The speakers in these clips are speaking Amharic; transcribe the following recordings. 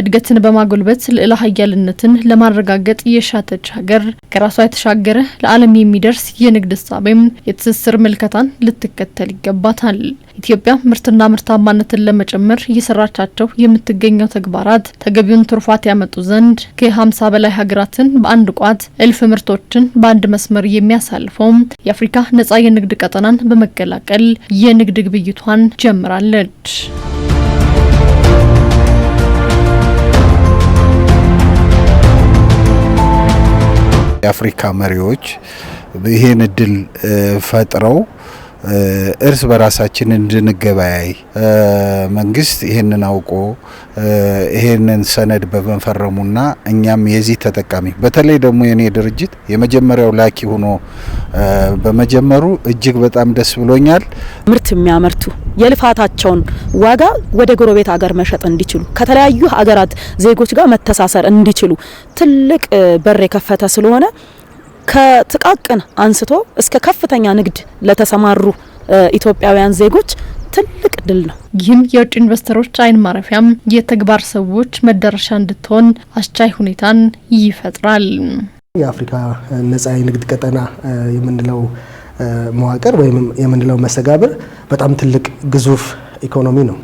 እድገትን በማጎልበት ልዕለ ሀያልነትን ለማረጋገጥ የሻተች ሀገር ከራሷ የተሻገረ ለዓለም የሚደርስ የንግድ እሳቤም የትስስር ምልከታን ልትከተል ይገባታል። ኢትዮጵያ ምርትና ምርታማነትን ለመጨመር እየሰራቻቸው የምትገኘው ተግባራት ተገቢውን ትሩፋት ያመጡ ዘንድ ከሀምሳ በላይ ሀገራትን በአንድ ቋት እልፍ ምርቶችን በአንድ መስመር የሚያሳልፈውም የአፍሪካ ነጻ የንግድ ቀጠናን በመቀላቀል የንግድ ግብይቷን ጀምራለች። የአፍሪካ መሪዎች ይሄን እድል ፈጥረው እርስ በራሳችን እንድንገበያይ መንግስት ይህንን አውቆ ይህንን ሰነድ በመፈረሙና እኛም የዚህ ተጠቃሚ በተለይ ደግሞ የኔ ድርጅት የመጀመሪያው ላኪ ሆኖ በመጀመሩ እጅግ በጣም ደስ ብሎኛል። ምርት የሚያመርቱ የልፋታቸውን ዋጋ ወደ ጎረቤት ሀገር መሸጥ እንዲችሉ ከተለያዩ ሀገራት ዜጎች ጋር መተሳሰር እንዲችሉ ትልቅ በር የከፈተ ስለሆነ ከጥቃቅን አንስቶ እስከ ከፍተኛ ንግድ ለተሰማሩ ኢትዮጵያውያን ዜጎች ትልቅ ድል ነው። ይህም የውጭ ኢንቨስተሮች አይን ማረፊያም የተግባር ሰዎች መዳረሻ እንድትሆን አስቻይ ሁኔታን ይፈጥራል። የአፍሪካ ነጻ የንግድ ቀጠና የምንለው መዋቅር ወይም የምንለው መስተጋብር በጣም ትልቅ ግዙፍ ኢኮኖሚ ነው።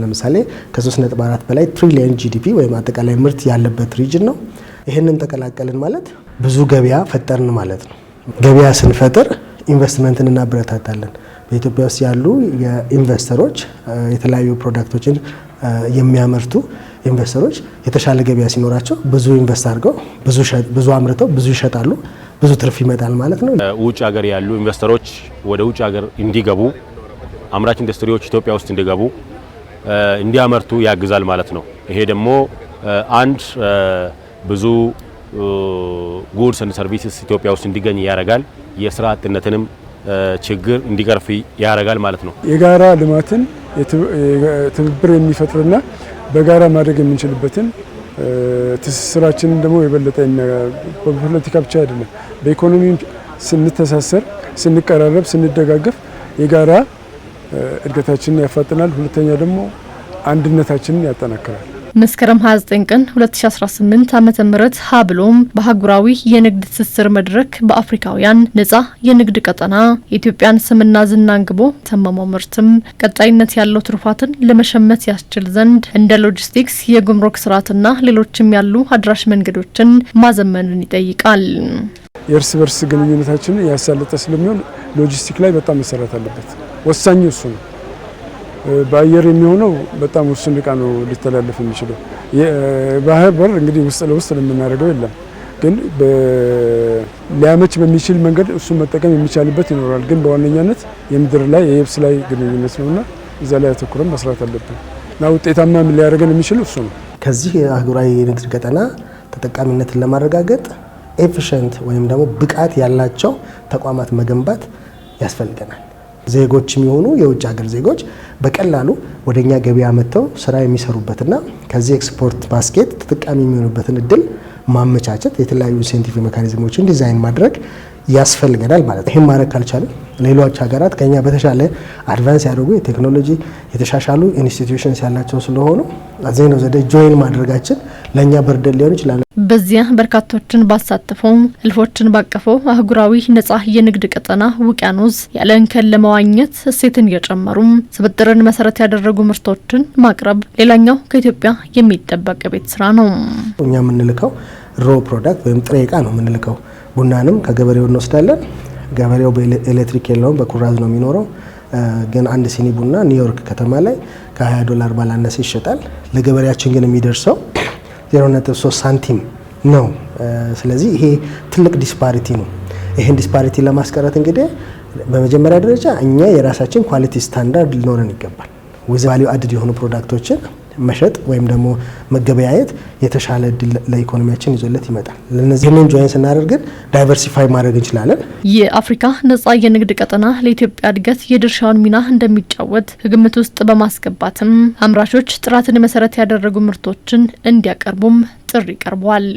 ለምሳሌ ከ3.4 በላይ ትሪሊየን ጂዲፒ ወይም አጠቃላይ ምርት ያለበት ሪጅን ነው። ይህንን ተቀላቀልን ማለት ብዙ ገበያ ፈጠርን ማለት ነው። ገበያ ስንፈጥር ኢንቨስትመንትን እናበረታታለን። በኢትዮጵያ ውስጥ ያሉ የኢንቨስተሮች የተለያዩ ፕሮዳክቶችን የሚያመርቱ ኢንቨስተሮች የተሻለ ገበያ ሲኖራቸው ብዙ ኢንቨስት አድርገው ብዙ አምርተው ብዙ ይሸጣሉ፣ ብዙ ትርፍ ይመጣል ማለት ነው። ውጭ ሀገር ያሉ ኢንቨስተሮች ወደ ውጭ ሀገር እንዲገቡ አምራች ኢንዱስትሪዎች ኢትዮጵያ ውስጥ እንዲገቡ እንዲያመርቱ ያግዛል ማለት ነው። ይሄ ደግሞ አንድ ብዙ ጉድስ ኤንድ ሰርቪስስ ኢትዮጵያ ውስጥ እንዲገኝ ያደርጋል። የስራ አጥነትንም ችግር እንዲቀርፍ ያደርጋል ማለት ነው። የጋራ ልማትን ትብብር የሚፈጥርና በጋራ ማድረግ የምንችልበትን ትስስራችንን ደግሞ የበለጠ በፖለቲካ ብቻ አይደለም፣ በኢኮኖሚ ስንተሳሰር፣ ስንቀራረብ፣ ስንደጋገፍ የጋራ እድገታችንን ያፋጥናል። ሁለተኛ ደግሞ አንድነታችንን ያጠናክራል። መስከረም 29 ቀን 2018 ዓ.ም ሀብሎም በአህጉራዊ የንግድ ትስስር መድረክ በአፍሪካውያን ነጻ የንግድ ቀጠና የኢትዮጵያን ስምና ዝና አንግቦ ምርትም ቀጣይነት ያለው ትሩፋትን ለመሸመት ያስችል ዘንድ እንደ ሎጂስቲክስ፣ የጉምሩክ ስርዓትና ሌሎችም ያሉ አድራሽ መንገዶችን ማዘመንን ይጠይቃል። የእርስ በርስ ግንኙነታችንን ያሳለጠ ስለሚሆን ሎጂስቲክ ላይ በጣም መሰራት አለበት። ወሳኙ እሱ ነው። በአየር የሚሆነው በጣም ውስን እቃ ነው ሊተላለፍ የሚችለው። ባህር በር እንግዲህ ውስጥ ለውስጥ የምናደርገው የለም፣ ግን ሊያመች በሚችል መንገድ እሱን መጠቀም የሚቻልበት ይኖራል። ግን በዋነኛነት የምድር ላይ የየብስ ላይ ግንኙነት ነውና እዛ ላይ አተኩረን መስራት አለብን እና ውጤታማ ሊያደርገን የሚችል እሱ ነው። ከዚህ አህጉራዊ የንግድ ቀጠና ተጠቃሚነትን ለማረጋገጥ ኤፊሽንት ወይም ደግሞ ብቃት ያላቸው ተቋማት መገንባት ያስፈልገናል። ዜጎች የሚሆኑ የውጭ ሀገር ዜጎች በቀላሉ ወደ እኛ ገበያ መጥተው ስራ የሚሰሩበትና ከዚህ ኤክስፖርት ባስኬት ተጠቃሚ የሚሆኑበትን እድል ማመቻቸት የተለያዩ ኢንሴንቲቭ ሜካኒዝሞችን ዲዛይን ማድረግ ያስፈልገናል ማለት ነው። ይህም ማድረግ ካልቻለ ሌሎች ሀገራት ከኛ በተሻለ አድቫንስ ያደርጉ የቴክኖሎጂ የተሻሻሉ ኢንስቲትዩሽንስ ያላቸው ስለሆኑ አዘኝ ነው ዘዴ ጆይን ማድረጋችን ለእኛ በርደን ሊሆን ይችላል። በዚያ በርካቶችን ባሳተፈው እልፎችን ባቀፈው አህጉራዊ ነጻ የንግድ ቀጠና ውቅያኖስ ያለ እንከን ለመዋኘት እሴትን እየጨመሩም ስብጥርን መሰረት ያደረጉ ምርቶችን ማቅረብ ሌላኛው ከኢትዮጵያ የሚጠበቅ ቤት ስራ ነው። እኛ የምንልከው ሮ ፕሮዳክት ወይም ጥሬ እቃ ነው የምንልከው ቡናንም ከገበሬው እንወስዳለን። ገበሬው በኤሌክትሪክ የለውም፣ በኩራዝ ነው የሚኖረው። ግን አንድ ሲኒ ቡና ኒውዮርክ ከተማ ላይ ከ20 ዶላር ባላነሰ ይሸጣል። ለገበሬያችን ግን የሚደርሰው 0.3 ሳንቲም ነው። ስለዚህ ይሄ ትልቅ ዲስፓሪቲ ነው። ይህን ዲስፓሪቲ ለማስቀረት እንግዲህ በመጀመሪያ ደረጃ እኛ የራሳችን ኳሊቲ ስታንዳርድ ሊኖረን ይገባል። ዊዝ ቫሊዩ አድድ የሆኑ ፕሮዳክቶችን መሸጥ ወይም ደግሞ መገበያየት የተሻለ እድል ለኢኮኖሚያችን ይዞለት ይመጣል። ለነዚህ ይህንን ጆይን ስናደርግ ግን ዳይቨርሲፋይ ማድረግ እንችላለን። የአፍሪካ ነጻ የንግድ ቀጠና ለኢትዮጵያ እድገት የድርሻውን ሚና እንደሚጫወት ከግምት ውስጥ በማስገባትም አምራቾች ጥራትን መሰረት ያደረጉ ምርቶችን እንዲያቀርቡም ጥሪ ቀርቧል።